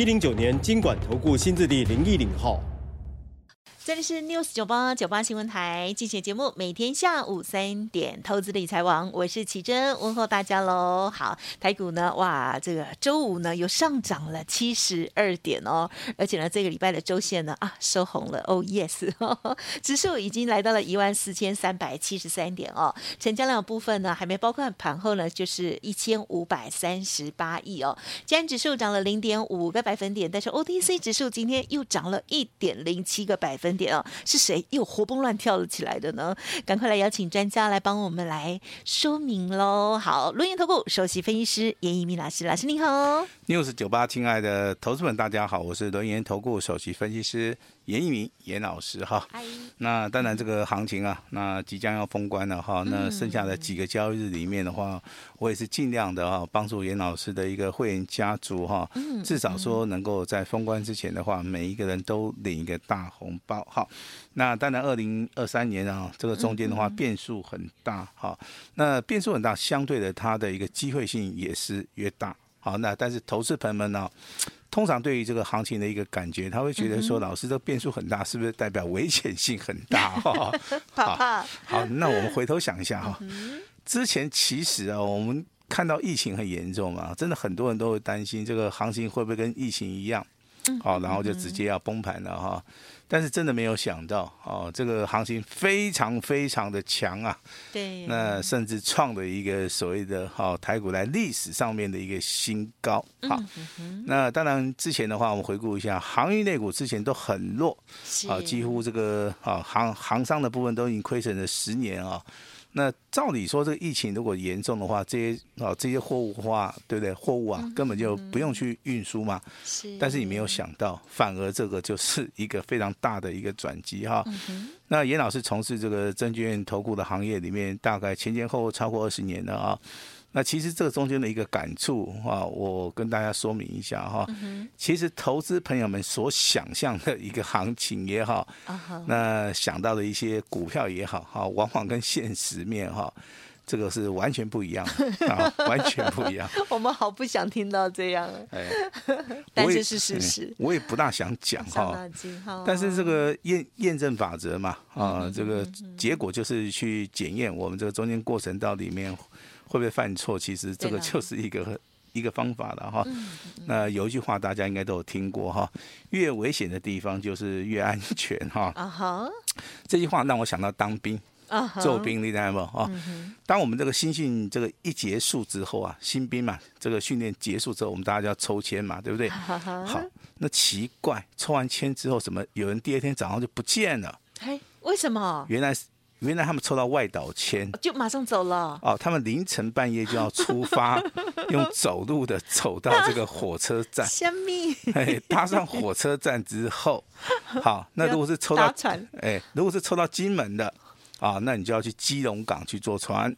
一零九年，金管投顧新字第零一零號。這裡是 News 九八九八新聞台，今天節目，每天下午三點，投資理財王，我是琦蓁，問候大家嘍。好，台股呢，哇，這個周五呢，又上漲了七十二點哦，而且呢，這個禮拜的週線呢，啊，收紅了，哦、oh，yes，呵呵，指數已經來到了一萬四千三百七十三點哦，成交量部分呢，還沒包括盤後呢，就是一千五百三十八億哦，雖然指數漲了零點五個百分點，但是 O T C 指數今天又漲了一點零七個百分點。點是誰又活蹦亂跳了起來的呢？趕快來邀請專家來幫我們來說明嘍！好，倫元投顧首席分析師顏逸民老師，老師你好。News 98，親愛的投資們，大家好，我是倫元投顧首席分析師。顏逸民，顏老師哈 Hi，那當然這個行情啊，那即將要封關了哈，那剩下的幾個交易日裡面的話，我也是盡量的哈、啊，幫助顏老師的一個會員家族哈，至少說能夠在封關之前的話，每一個人都領一個大紅包哈。那當然，二零二三年啊，這個中間的話變數很大哈，那變數很大，相對的它的一個機會性也是越大。好，那但是投資朋友們呢、啊？通常對於這個行情的一個感覺，他會覺得說：“老師，這變數很大，是不是代表危險性很大？”好好，那我們回頭想一下哈，之前其實啊，我們看到疫情很嚴重嘛，真的很多人都會擔心這個行情會不會跟疫情一樣。好，嗯、然後就直接要崩盤了哈，但是真的沒有想到哦，這個行情非常非常的強啊，對啊，那甚至創了一個所謂的哈台股在歷史上面的一個新高哈，嗯、哼那當然之前的話，我們回顧一下，航運類股之前都很弱啊，是幾乎這個啊航航商的部分都已經虧損了十年啊。那照理說，這個疫情如果嚴重的話，這些啊這些貨物的話，對不對？貨物啊，根本就不用去運輸嘛。但是你沒有想到，反而這個就是一個非常大的一個轉機哈。那嚴老師從事這個證券投顧的行業裡面，大概前前後後超過二十年了啊。那其實這個中間的一個感觸啊，我跟大家說明一下哈。其實投資朋友們所想象的一個行情也好，那想到的一些股票也好，哈，往往跟現實面哈。這個是完全不一樣 啊，完全不一樣。 我們好不想聽到這樣啊， 但是是事實我、嗯。我也不大想講哈，哦、但是這個驗驗證法則嘛啊，嗯嗯嗯嗯這個結果就是去檢驗我們這個中間過程，到裡面會不會犯錯，其實這個就是一個、啊、一個方法的哈。啊、嗯嗯嗯那有一句話大家應該都有聽過哈、啊，越危險的地方就是越安全哈。啊哈，uh huh、這句話讓我想到當兵。做兵，你睇，哦，當我們這個新訓這個一結束之後啊，新兵嘛，這個訓練結束之後，我們大家就要抽籤嘛，對不對？Uh huh. 好，那奇怪，抽完籤之後，什麼有人第二天早上就不見了？嘿，hey, 為什麼？原來原來他們抽到外島籤，oh, 就馬上走了。哦，他們凌晨半夜就要出發， 用走路的走到這個火車站。神秘。哎，搭上火車站之後， 好，那如果是抽到哎，如果是抽到金門的。啊，那你就要去基隆港去坐船。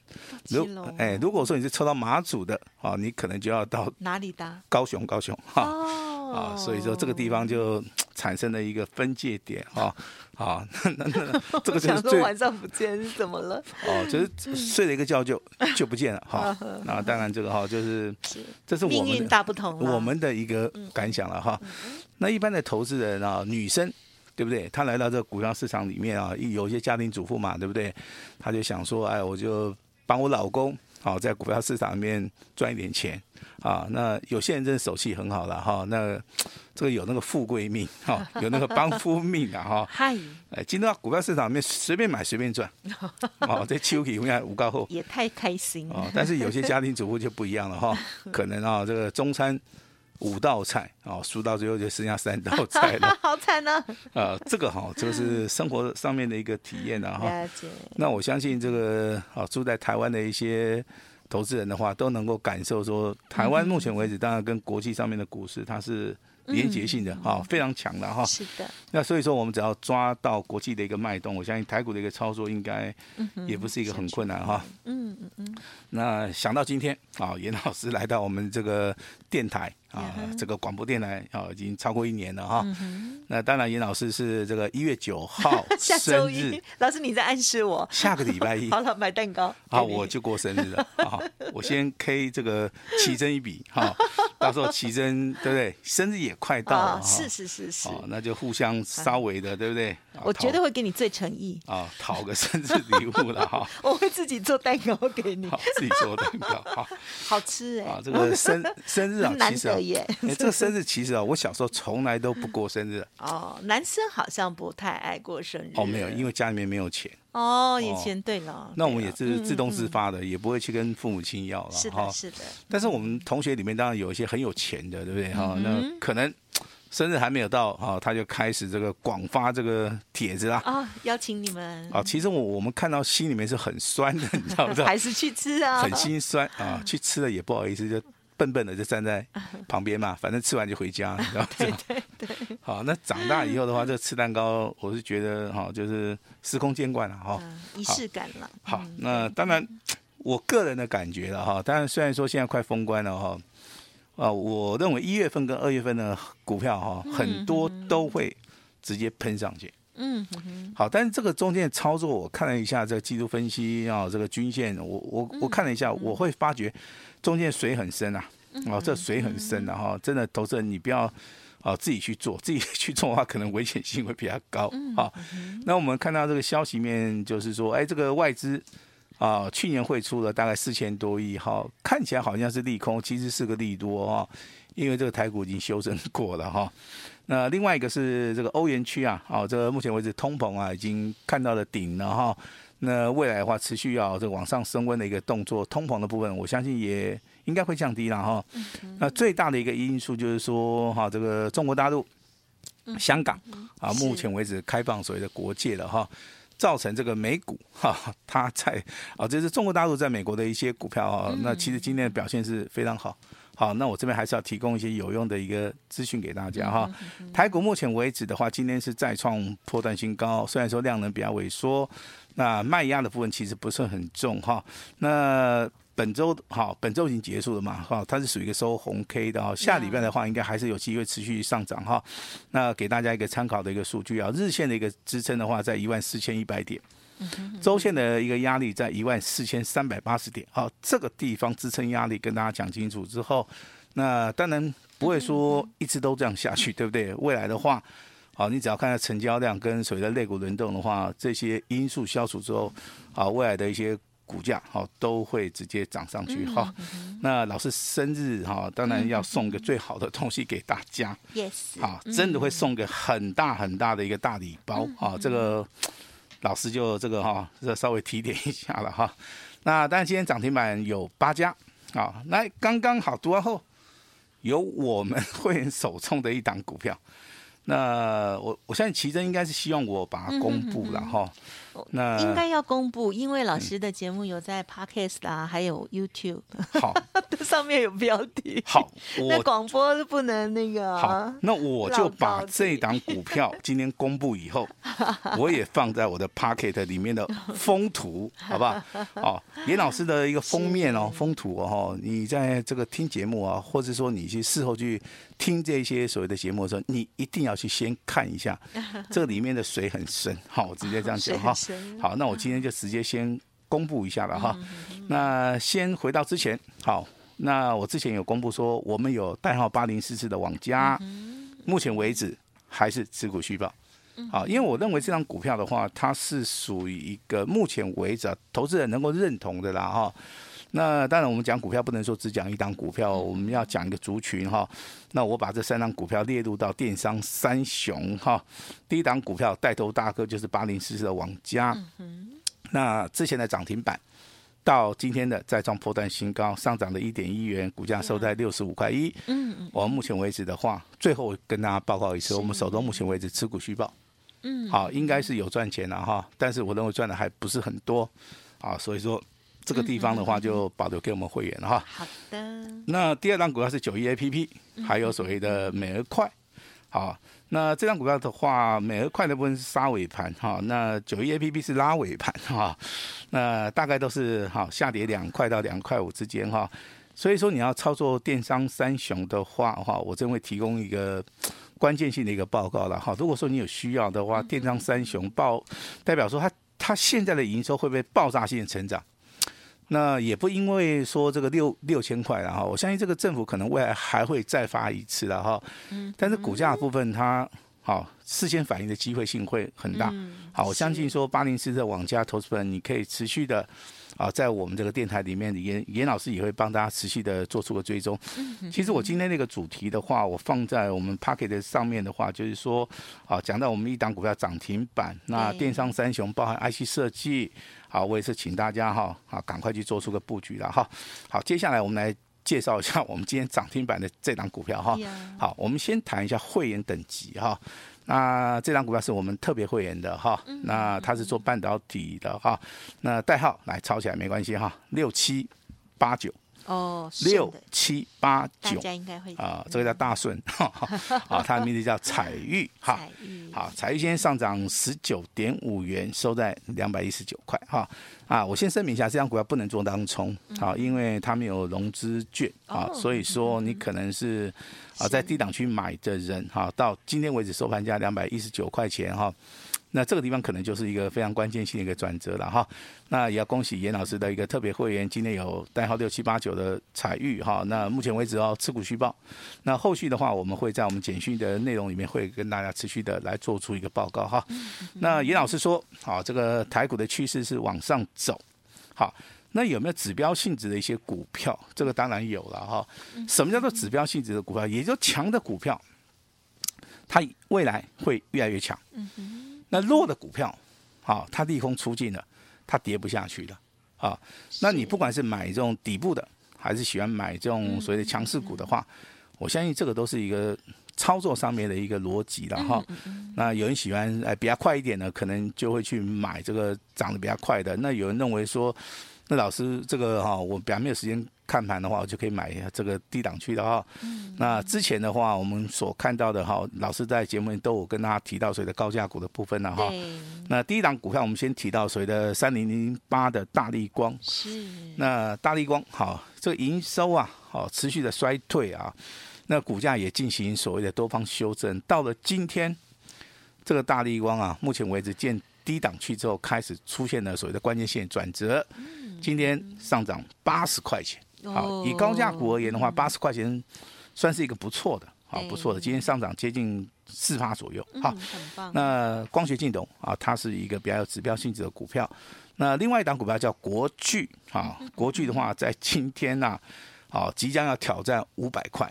如，哎、哦，欸，如果說你是抽到馬祖的，啊，你可能就要到哪裡搭？高雄，高雄，哈、啊，哦、啊，所以說這個地方就產生了一個分界點，哈，啊，啊，這個 想說晚上不見是怎麼了？哦、啊，就是睡了一個覺就就不見了，哈、啊。 那當然這個哈就是，是這是我們命運大不同，我們的一個感想了哈、啊。那一般的投資人啊，女生。對不對？他來到這個股票市場裡面啊，有一些家庭主婦嘛，對不對？他就想說，哎，我就幫我老公，啊，在股票市場裡面賺一點錢啊。那有些人真的手氣很好了哈，那這個有那個富貴命哈，有那個幫夫命啊。哈。嗨，進入到股票市場裡面，隨便買隨便賺， 哦，這秋皮無高厚。也太開心了。哦，但是有些家庭主婦就不一樣了哈，可能啊、哦，這個中餐。五道菜啊，輸到最後就剩下三道菜了， 好慘呢？啊，這個好，這個是生活上面的一個體驗、啊、了哈解。那我相信這個啊，住在台灣的一些投資人的話，都能夠感受說，台灣目前為止，嗯、當然跟國際上面的股市它是連結性的哈，嗯嗯非常強的哈。是的。那所以說，我們只要抓到國際的一個脈動，我相信台股的一個操作應該也不是一個很困難哈。嗯嗯嗯。那想到今天啊，顏老師來到我們這個電台。啊，這個廣播電台啊，已經超過一年了哈。那當然，顏老師是這個一月九號下周一，老師你在暗示我下個禮拜一好了，買蛋糕啊，我就過生日了啊。我先 K 這個奇珍一筆哈，到時候奇珍對不對？生日也快到了，是是是是，那就互相稍微的對不對？我絕對會給你最誠意啊，討個生日禮物了哈。我會自己做蛋糕給你，自己做蛋糕好吃哎。啊，這個生生日啊，其實。哎、欸，這個生日其實啊，哦，我小時候從來都不過生日。哦，男生好像不太愛過生日。哦，沒有，因為家裡面沒有錢。哦，以前對了。那我們也是自動自發的，嗯嗯也不會去跟父母親要了。是的，是的，哦。但是我們同學裡面當然有一些很有錢的，對不對？哈，嗯嗯，那可能生日還沒有到啊，哦，他就開始這個廣發這個帖子啦。啊，哦，邀請你們啊，哦。其實我我們看到心裡面是很酸的，你知道不知道？還是去吃啊？很心酸啊，哦，去吃了也不好意思就。笨笨的就站在旁邊嘛，反正吃完就回家，你知道嗎？ 對對對。好，那長大以後的話，這 吃蛋糕，我是覺得哈，就是司空見慣了哈，儀式、 嗯、感了好。好，那當然，我個人的感覺了哈。當然，雖然說現在快封關了哈，啊，我認為一月份跟二月份的股票哈，很多都會直接噴上去。嗯， 好，但是這個中間操作，我看了一下這個技術分析啊，這個均線，我我我看了一下， 我會發覺中間水很深啊，哦、啊，這水很深的、啊、哈，真的投資人你不要啊自己去做，自己去做的話，可能危險性會比較高啊。 那我們看到這個消息面，就是說，哎、欸，這個外資啊，去年匯出了大概四千多億，哈、啊，看起來好像是利空，其實是個利多啊，因為這個台股已經修正過了哈。啊那另外一個是這個歐元區啊，哦，這個目前為止通膨啊已經看到了頂了哈。那未來的話，持續要，啊、這個、往上升溫的一個動作，通膨的部分，我相信也應該會降低了哈。那最大的一個因素就是說哈，這個中國大陸、香港啊，目前為止開放所謂的國界的哈，是造成這個美股哈，它在啊，這，就是中國大陸在美國的一些股票啊，那其實今天的表現是非常好。好，那我這邊還是要提供一些有用的一個資訊給大家哈。台股目前為止的話，今天是再創波段新高，雖然說量能比較萎縮，那賣壓的部分其實不是很重哈。那本週好，本週已經結束了嘛哈，它是屬於一個收紅 K 的哦。下禮拜的話，應該還是有機會持續上漲哈。那給大家一個參考的一個數據啊，日線的一個支撐的話，在一萬四千一百點。週線的一個壓力在一萬四千三百八十點，好，這個地方支撐壓力跟大家講清楚之後，那當然不會說一直都這樣下去，對不對？未來的話，好，你只要看到成交量跟所謂的類股輪動的話，這些因素消除之後，好，未來的一些股價好都會直接漲上去，好。那老師生日哈，當然要送個最好的東西給大家好，真的會送個很大很大的一個大禮包，啊，這個。老師就這個哈、哦，這稍微提點一下了哈、哦。那當然，今天漲停板有八家，好、哦，那剛剛好讀完後，有我們會員手中的一檔股票。那我我相信琦蓁應該是希望我把它公布了哈、哦。嗯哼哼哼那應該要公布，因為老師的節目有在 Podcast 啦、啊，嗯、還有 YouTube，好，這 上面有標題。好，我那廣播是不能那個、啊。好，那我就把這檔股票今天公布以後， 我也放在我的 Podcast 裡面的封圖， 好不好？哦，顏老師的一個封面哦，的封圖哦，你在這個聽節目啊，或者說你去事後去聽這些所謂的節目的時候，你一定要去先看一下， 這裡面的水很深。好，我直接這樣講哈。 好，那我今天就直接先公布一下了哈。嗯嗯、那先回到之前，好，那我之前有公布說，我們有代號八零四四的網家，嗯、哼目前為止還是持股續抱。好，因為我認為這張股票的話，它是屬於一個目前為止啊，投資人能夠認同的啦哈。那當然，我們講股票不能說只講一檔股票，我們要講一個族群哈。那我把這三檔股票列入到電商三雄哈。第一檔股票帶頭大哥就是八零四四的網家，那之前的漲停板到今天的再創波段新高，上漲了一點一元，股價收在六十五塊一。嗯，我我目前為止的話，最後跟大家報告一次，我們手中目前為止持股虛報。嗯。好，應該是有賺錢了哈，但是我認為賺的還不是很多。啊，所以說。這個地方的話就保留給我們會員了哈。好的。那第二張股票是九一 A P P，還有所謂的美而快。好、哦，那這張股票的話，美而快的部分是殺尾盤哈、哦，那九一 A P P 是拉尾盤哈、哦。那大概都是哈、哦、下跌兩塊到兩塊五之間哈、哦。所以說你要操作電商三雄的話哈、哦，我真會提供一個關鍵性的一個報告了哈、哦。如果說你有需要的話，電商三雄報、嗯嗯、代表說它他現在的營收會不會爆炸性的成長？那也不因為說這個六六千塊，然後我相信這個政府可能未來還會再發一次的哈。但是股價部分它好、哦，事先反應的機會性會很大。好，我相信說八零四的網家投資本你可以持續的啊、呃，在我們這個電台裡面，顏顏老師也會幫大家持續的做出個追蹤。其實我今天那個主題的話，我放在我們 Pocket 上面的話，就是說啊，講、呃、到我們一檔股票漲停板，那電商三雄包含 IC 設計。哎好，我也是請大家哈，啊，趕快去做出個布局了哈。好，接下來我們來介紹一下我們今天漲停板的這檔股票哈。好，我們先談一下會員等級哈。那這檔股票是我們特別會員的哈。那它是做半導體的哈。那代號來抄起來沒關係哈。六七八九。哦，六七八九，大家應該會啊、嗯呃，這個叫大順，啊，它 的名字叫采鈺，哈，好玉，采鈺今天上漲十九點五元，收在兩百一十九塊，哈，啊，我先聲明一下，這張股票不能做當沖。好、嗯，因為它沒有融資券，嗯、啊，所以說你可能是啊在低檔區買的人，哈行，到今天為止收盤價兩百一十九塊錢，哈。那這個地方可能就是一個非常關鍵性的一個轉折了哈。那也要恭喜嚴老師的一個特別會員，今天有代號六七八九的采鈺哈。那目前為止哦，持股續抱。那後續的話，我們會在我們簡訊的內容裡面會跟大家持續的來做出一個報告哈。那嚴老師說，好，這個台股的趨勢是往上走。好，那有沒有指標性質的一些股票？這個當然有了哈。什麼叫做指標性質的股票？也就是強的股票，它未來會越來越強。那弱的股票，好，它利空出盡了，它跌不下去了，啊，那你不管是買這種底部的，還是喜歡買這種所謂的強勢股的話，我相信這個都是一個操作上面的一個邏輯了哈。那有人喜歡哎比較快一點的，可能就會去買這個漲得比較快的。那有人認為說。那老師，這個哈，我比較沒有時間看盤的話，我就可以買一下這個低檔區的哈。嗯、那之前的話，我們所看到的哈，老師在節目裡都有跟大家提到所謂的高價股的部分了。哈對。那第一檔股票，我們先提到所謂的三零零八的大立光。是。那大立光，好，這個營收啊，好持續的衰退啊，那股價也進行所謂的多方修正。到了今天，這個大立光啊，目前為止見低檔區之後，開始出現了所謂的關鍵線轉折。今天上漲八十塊錢，好、哦，以高價股而言的話，八十塊錢算是一個不錯的，好、嗯哦、不錯的。今天上漲接近四趴左右，嗯、好，很棒。那光學鏡頭啊，它是一個比較有指標性質的股票。那另外一檔股票叫國巨啊，國巨的話在今天呢，好，即將要挑戰五百塊。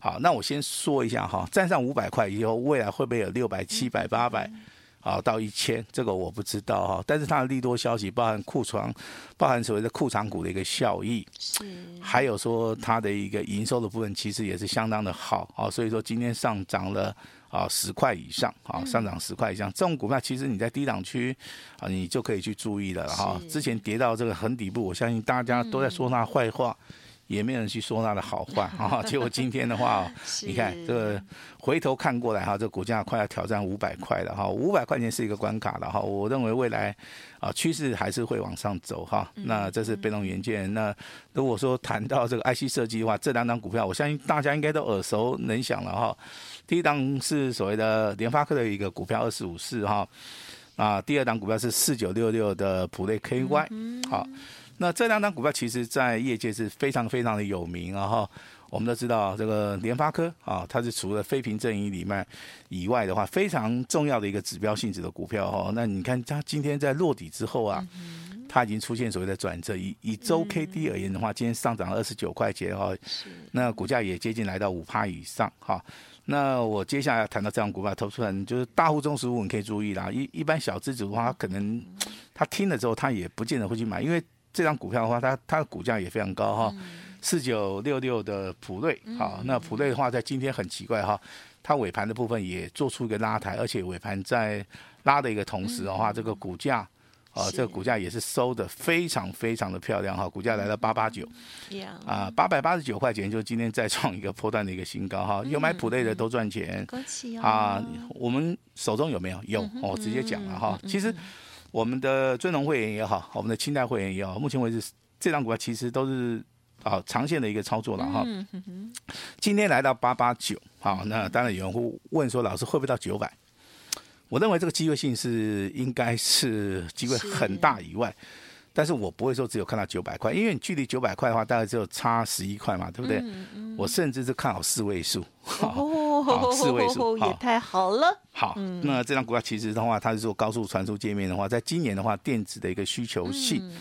好，那我先說一下哈，站上五百塊以後，未來會不會有六百、嗯、七、嗯、百、八百？啊，到一千這個我不知道哈，但是它的利多消息包含庫藏，包含所謂的庫藏股的一個效益，是還有說它的一個營收的部分其實也是相當的好啊，所以說今天上漲了啊十塊以上啊，上漲十塊以上這種股票其實你在低檔區啊，你就可以去注意了哈，是之前跌到這個很底部，我相信大家都在說它壞話。嗯嗯也沒有人去說他的好話哈、哦。結果今天的話、哦，你看這個回頭看過來，哈，這股價快要挑戰五百塊了，哈。五百塊錢是一個關卡了，哈。我認為未來啊，趨勢還是會往上走，哈。那這是被動元件。那如果說談到這個 IC 設計的話，這兩檔股票，我相信大家應該都耳熟能詳了，哈。第一檔是所謂的聯發科的一個股票，二四五四，哈。啊，第二檔股票是四九六六的譜瑞- KY，好、哦。那這兩檔股票其實，在業界是非常非常的有名啊！哈，我們都知道這個聯發科啊，它是除了非蘋陣營裡面以外的話，非常重要的一個指標性質的股票哈、哦。那你看它今天在落底之後啊，它已經出現所謂的轉折。以以周 K D 而言的話，今天上漲了二十九塊錢哈、哦，那股價也接近來到五趴以上哈、哦。那我接下來要談到這檔股票，投資人就是大戶中實戶，你可以注意啦。一一般小資族的話，可能他聽了之後，他也不見得會去買，因為這張股票的話，它它的股價也非常高哈，四九六六的譜瑞，哈，那譜瑞的話在今天很奇怪哈，它尾盤的部分也做出一個拉抬，而且尾盤在拉的一個同時的話，這個股價啊，這個股價也是收的非常非常的漂亮哈，股價來到八八九，啊，八百八十九塊錢，就是今天再創一個波段的一個新高哈，有買譜瑞的都賺錢，恭喜啊！啊，我們手中有沒有？有，我直接講了哈，其實。我們的尊龍會員也好，我們的清代會員也好，目前為止這檔股票其實都是啊長線的一個操作了哈。嗯、呵呵。今天來到八八九，好，那當然有人會問說，老師會不會到九百？我認為這個機會性是應該是機會很大以外，是但是我不會說只有看到九百塊，因為你距離九百塊的話大概只有差十一塊嘛，對不對？嗯嗯、我甚至是看好四位數。哦好，四位數，也太好了。好，嗯、那這張股票其實的話，它是做高速傳輸界面的話，在今年的話，電子的一個需求性，嗯、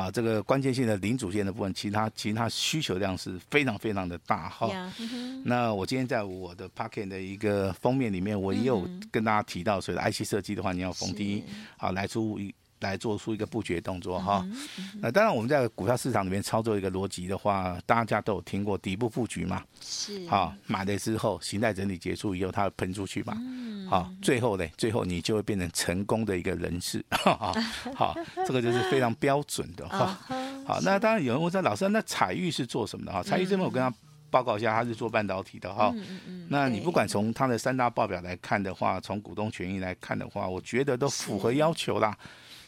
啊，這個關鍵性的零組件的部分，其他其他需求量是非常非常的大，哈。嗯、哼那我今天在我的 packet 的一個封面裡面，我也有跟大家提到，所以的 IC 設計的話，你要逢低是啊來出一。來做出一個布局的動作哈，那當然我們在股票市場裡面操作一個邏輯的話，大家都有聽過底部布局嘛，是，好買了之後形態整理結束以後它會噴出去嘛，好，最後呢，最後你就會變成成功的一個人士，好，這個就是非常標準的哈。好，那當然有人問說老師，那采鈺是做什麼的哈？采鈺這邊我跟他報告一下，他是做半導體的哈。那你不管從他的三大報表來看的話，從股東權益來看的話，我覺得都符合要求啦。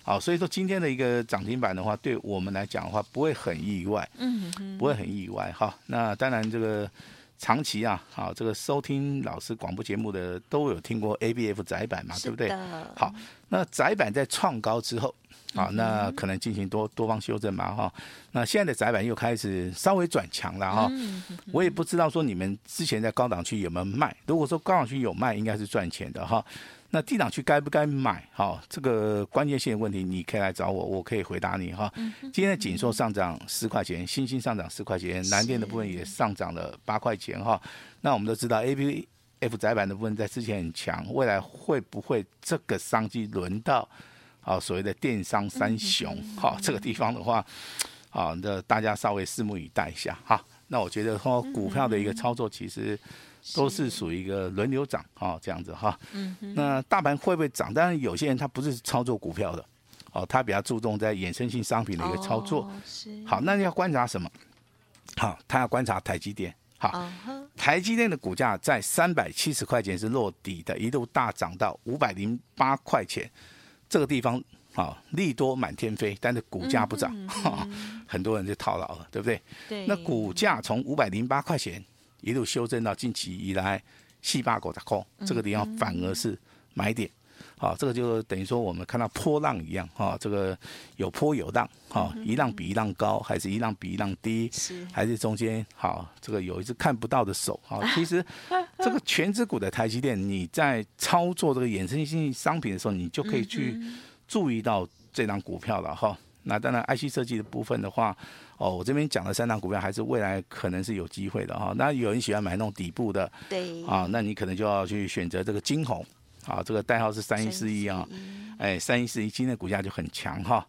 好，所以說今天的一個漲停板的話，對我們來講的話，不會很意外，嗯，不會很意外哈、哦。那當然，這個長期啊，好，這個收聽老師廣播節目的都有聽過 ABF 載板嘛，的對不對？好，那載板在創高之後，啊那可能進行多多方修正嘛哈、哦。那現在的載板又開始稍微轉強了哈、哦。我也不知道說你們之前在高檔區有沒有賣，如果說高檔區有賣，應該是賺錢的哈。哦那低檔區該不該買？哈、哦，這個關鍵性的問題，你可以來找我，我可以回答你哈。今天的景碩上漲十塊錢，欣興上漲十塊錢，南電的部分也上漲了八塊錢哈。是嗯、那我們都知道 ABF 載板的部分在之前很強，未來會不會這個商機輪到啊？所謂的電商三雄？哈，這個地方的話，好、啊、的，大家稍微拭目以待一下哈。那我覺得說股票的一個操作其實。嗯嗯嗯嗯都是屬於一個輪流漲啊、哦，這樣子哈。哦嗯、哼那大盤會不會漲？但是有些人他不是操作股票的，哦，他比較注重在衍生性商品的一個操作。哦、好，那要觀察什麼？好、哦，他要觀察台積電。好，uh huh. 台積電的股價在三百七十塊錢是落底的，一度大漲到五百零八塊錢，這個地方啊、哦，利多滿天飛，但是股價不漲，哈、嗯嗯，很多人就套牢了，對不對？對。那股價從五百零八塊錢。一路修正到近期以來七八股打空，這個地方反而是買點，好，這個就等於說我們看到波浪一樣，哈，這個有波有浪，哈，一浪比一浪高，還是一浪比一浪低，還是中間好，這個有一隻看不到的手，啊，其實這個權值股的台積電，你在操作這個衍生性商品的時候，你就可以去注意到這檔股票了，哈。那當然，IC 設計的部分的話，哦，我這邊講的三大股票還是未來可能是有機會的哈、哦。那有人喜歡買那種底部的，對啊，那你可能就要去選擇這個晶宏啊，這個代號是三一四一啊，哎，三一四一今天股價就很強哈、哦。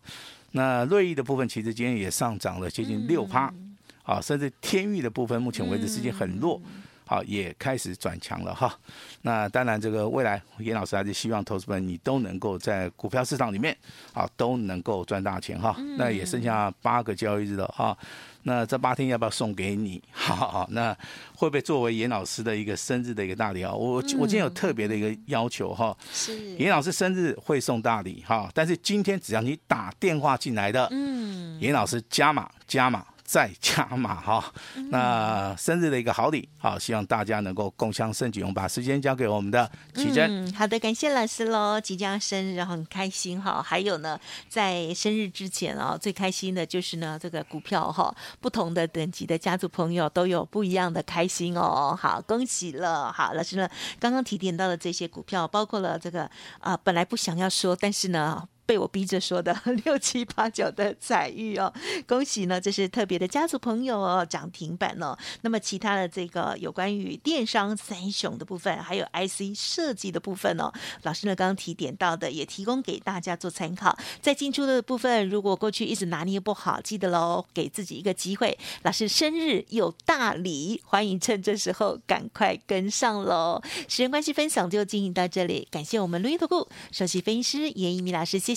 那瑞意的部分其實今天也上漲了接近六趴，嗯、啊，甚至天鈺的部分目前為止實際很弱。嗯嗯好，也開始轉強了哈。那當然，這個未來，嚴老師還是希望投資們你都能夠在股票市場裡面，啊，都能夠賺大錢哈。嗯、那也剩下八個交易日了哈。那這八天要不要送給你？好好、嗯，好，那會不會作為嚴老師的一個生日的一個大禮啊？我我今天有特別的一個要求哈、嗯。是。嚴老師生日會送大禮哈，但是今天只要你打電話進來的，嚴、嗯、老師加碼加碼。在家嘛哈，那生日的一個好禮，好，希望大家能夠共襄盛舉。我們把時間交給我們的琦蓁、嗯，好的，感謝老師嘍。即將生日，很開心哈。還有呢，在生日之前啊、哦，最開心的就是呢，這個股票哈、哦，不同的等級的家族朋友都有不一樣的開心哦。好，恭喜了。好，老師呢剛剛提點到的這些股票，包括了這個啊、呃，本來不想要說，但是呢。被我逼着說的六七八九的采鈺哦，恭喜呢！這是特別的家族朋友哦，漲停板哦。那麼其他的這個有關於電商三雄的部分，還有 IC 設計的部分哦，老師呢剛剛提點到的也提供給大家做參考。在進出的部分，如果過去一直拿捏不好，記得嘍，給自己一個機會。老師生日有大禮，歡迎趁這時候趕快跟上嘍。時間關係，分享就進行到這裡，感謝我們倫元投顧首席分析師顏逸民老師，謝謝。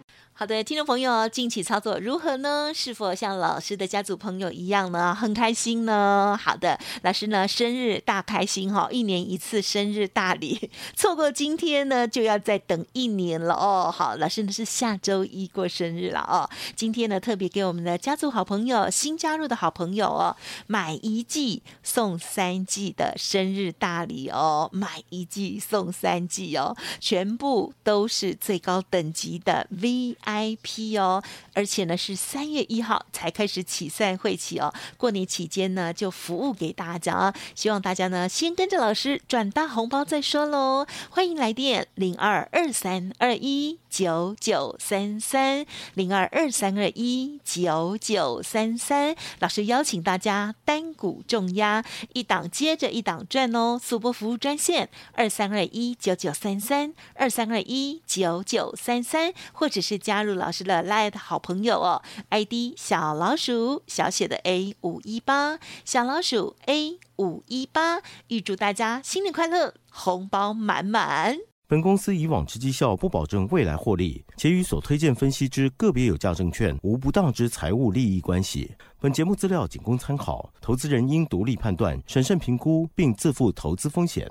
好的，聽眾朋友，近期操作如何呢？是否像老師的家族朋友一樣呢？很開心呢。好的，老師呢，生日大開心哈、哦！一年一次生日大禮，錯過今天呢，就要再等一年了哦。好，老師呢是下週一過生日了哦。今天呢，特別給我們的家族好朋友、新加入的好朋友哦，買一季送三季的生日大禮哦，買一季送三季哦，全部都是最高等級的 V。I P 哦，而且呢是三月一號才開始起算會期哦，過年期間呢就服務給大家啊，希望大家呢先跟着老師轉大紅包再說嘍，歡迎來電零二二三二一九九三三零二二三二一九九三三，33, 33, 老師邀請大家單股重壓，一檔接着一檔轉哦，速撥服務專線二三二一九九三三二三二一九九三三，33, 33, 或者是加。加入老師的 LINE 的好朋友哦，ID 小老鼠小寫的 A 五一八小老鼠 A 五一八，預祝大家新年快樂，紅包滿滿。本公司以往之績效不保證未來獲利，且與所推薦分析之個別有價證券無不當之財務利益關係。本節目資料僅供參考，投資人應獨立判斷、審慎評估，並自負投資風險。